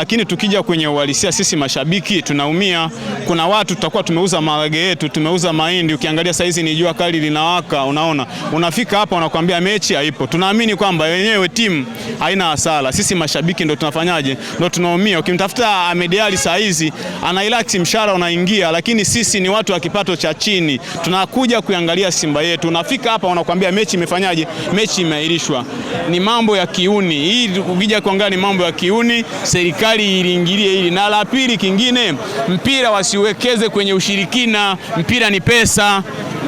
Lakini tukija kwenye uhalisia, sisi mashabiki tunaumia. Kuna watu tutakuwa tumeuza marage yetu, tumeuza mahindi. Ukiangalia saa hizi ni jua kali linawaka, unaona, unafika hapa unakwambia mechi haipo. Tunaamini kwamba wenyewe timu haina hasara, sisi mashabiki ndo tunafanyaje, ndo tunaumia. Ukimtafuta Ahmed Ally saa hizi ana relax, mshahara unaingia, lakini sisi ni watu wa kipato cha chini, tunakuja kuangalia Simba yetu. Unafika hapa unakwambia mechi imefanyaje, mechi imeahirishwa. Ni mambo ya kiuni hii, ukija kuangalia ni mambo ya kiuni serikali serikali iliingilie hili, na la pili kingine, mpira wasiwekeze kwenye ushirikina. Mpira ni pesa.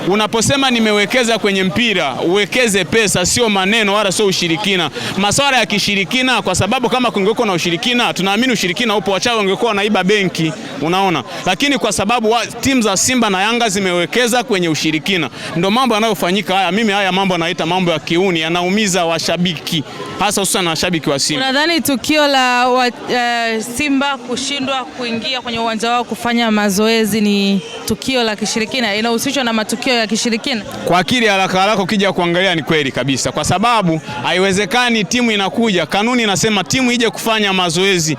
Unaposema nimewekeza kwenye mpira, uwekeze pesa, sio maneno wala sio ushirikina. Masuala ya kishirikina, kwa sababu kama kungekuwa na ushirikina, tunaamini ushirikina upo, wachawi wangekuwa wanaiba benki, unaona. Lakini kwa sababu timu za Simba na Yanga zimewekeza kwenye ushirikina, ndio mambo yanayofanyika haya. Mimi haya mambo naita mambo ya kiuni, yanaumiza washabiki, hasa hususan washabiki wa Simba. Unadhani tukio la wa, uh, Simba kushindwa kuingia kwenye uwanja wao kufanya mazoezi ni tukio la kishirikina, inahusishwa na matukio matukio ya kishirikina? Kwa akili haraka haraka ukija kuangalia ni kweli kabisa, kwa sababu haiwezekani timu inakuja, kanuni inasema timu ije kufanya mazoezi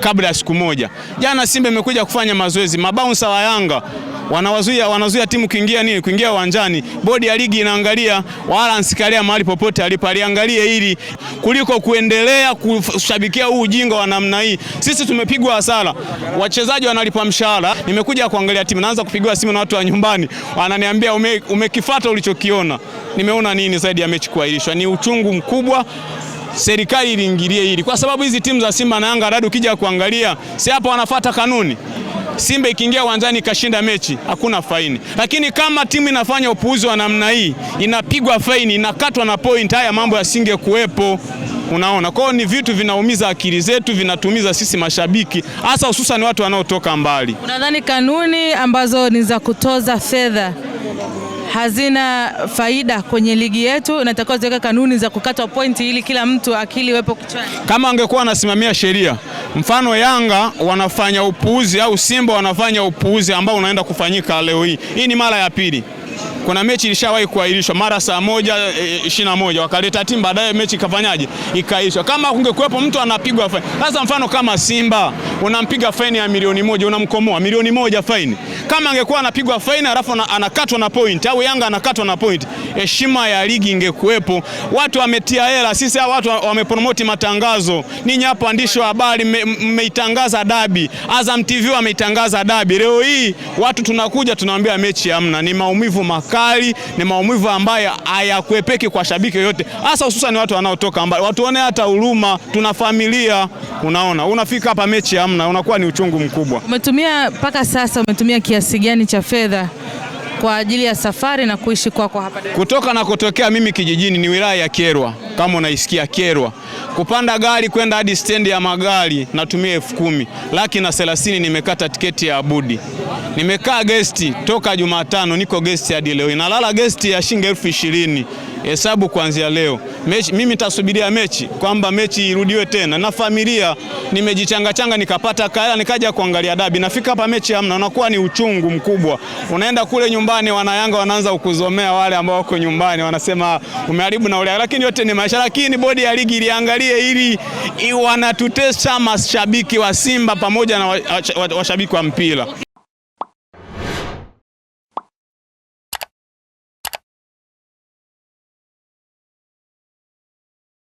kabla ya siku moja. Jana Simba imekuja kufanya mazoezi, mabaunsa wa Yanga wanawazuia wanazuia timu kuingia nini, kuingia uwanjani. Bodi ya ligi inaangalia, wala nsikalia mahali popote alipo, aliangalie hili kuliko kuendelea kushabikia huu ujinga wa namna hii. Sisi tumepigwa hasara, wachezaji wanalipa mshahara. Nimekuja kuangalia timu, naanza kupigiwa simu na watu wa nyumbani, wananiambia ume, umekifuata ulichokiona. Nimeona nini zaidi ya mechi kuahirishwa? Ni uchungu mkubwa. Serikali iliingilie hili, kwa sababu hizi timu za Simba na Yanga dadu, ukija kuangalia, si hapa wanafuata kanuni Simba ikiingia uwanjani ikashinda mechi hakuna faini, lakini kama timu inafanya upuuzi wa namna hii inapigwa faini, inakatwa na point. Haya mambo yasingekuwepo. Unaona, kwao ni vitu vinaumiza akili zetu, vinatumiza sisi mashabiki, hasa hususan watu wanaotoka mbali. Unadhani kanuni ambazo ni za kutoza fedha hazina faida kwenye ligi yetu. Natakiwa ziweka kanuni za kukatwa pointi ili kila mtu akili iwepo kichwani. Kama angekuwa anasimamia sheria, mfano Yanga wanafanya upuuzi au Simba wanafanya upuuzi ambao unaenda kufanyika leo hii. Hii ni mara ya pili kuna mechi ilishawahi kuahirishwa mara saa moja e, e, ishirini na moja wakaleta timu baadaye, mechi ikafanyaje? Ikaishwa. Kama kungekuwepo mtu anapigwa faini sasa, mfano kama Simba unampiga faini ya milioni moja, unamkomoa milioni moja faini, kama angekuwa anapigwa faini alafu anakatwa na point au Yanga anakatwa na point, heshima ya ligi ingekuwepo. Watu wametia hela, sisi hao watu wamepromoti matangazo. Ninyi hapo waandishi wa habari mmeitangaza dabi, Azam TV wameitangaza dabi. Leo hii watu tunakuja tunawaambia mechi hamna. Ni maumivu makali, ni maumivu ambayo hayakuepeki kwa shabiki yoyote, hasa hususan watu wanaotoka mbali. Watuone hata huruma, tuna familia. Unaona, unafika hapa mechi hamna, unakuwa ni uchungu mkubwa. Umetumia mpaka sasa, umetumia kia kiasi gani cha fedha kwa ajili ya safari na kuishi kwako kwa hapa kutoka na kutokea. Mimi kijijini ni wilaya ya Kyerwa, kama unaisikia Kyerwa, kupanda gari kwenda hadi stendi ya magari natumia elfu kumi laki na thelathini. Nimekata tiketi ya Abudi, nimekaa gesti toka Jumatano, niko gesti hadi leo, inalala gesti ya shilingi elfu ishirini hesabu kuanzia leo mechi, mimi nitasubiria mechi kwamba mechi irudiwe tena na familia. Nimejichangachanga nikapata kaela nikaja kuangalia dabi, nafika hapa mechi hamna, unakuwa ni uchungu mkubwa. Unaenda kule nyumbani, wanayanga wanaanza kukuzomea wale ambao wako nyumbani, wanasema umeharibu na ule, lakini yote ni maisha. Lakini bodi ya ligi iliangalie ili wanatutesa mashabiki wa Simba pamoja na washabiki wa mpira.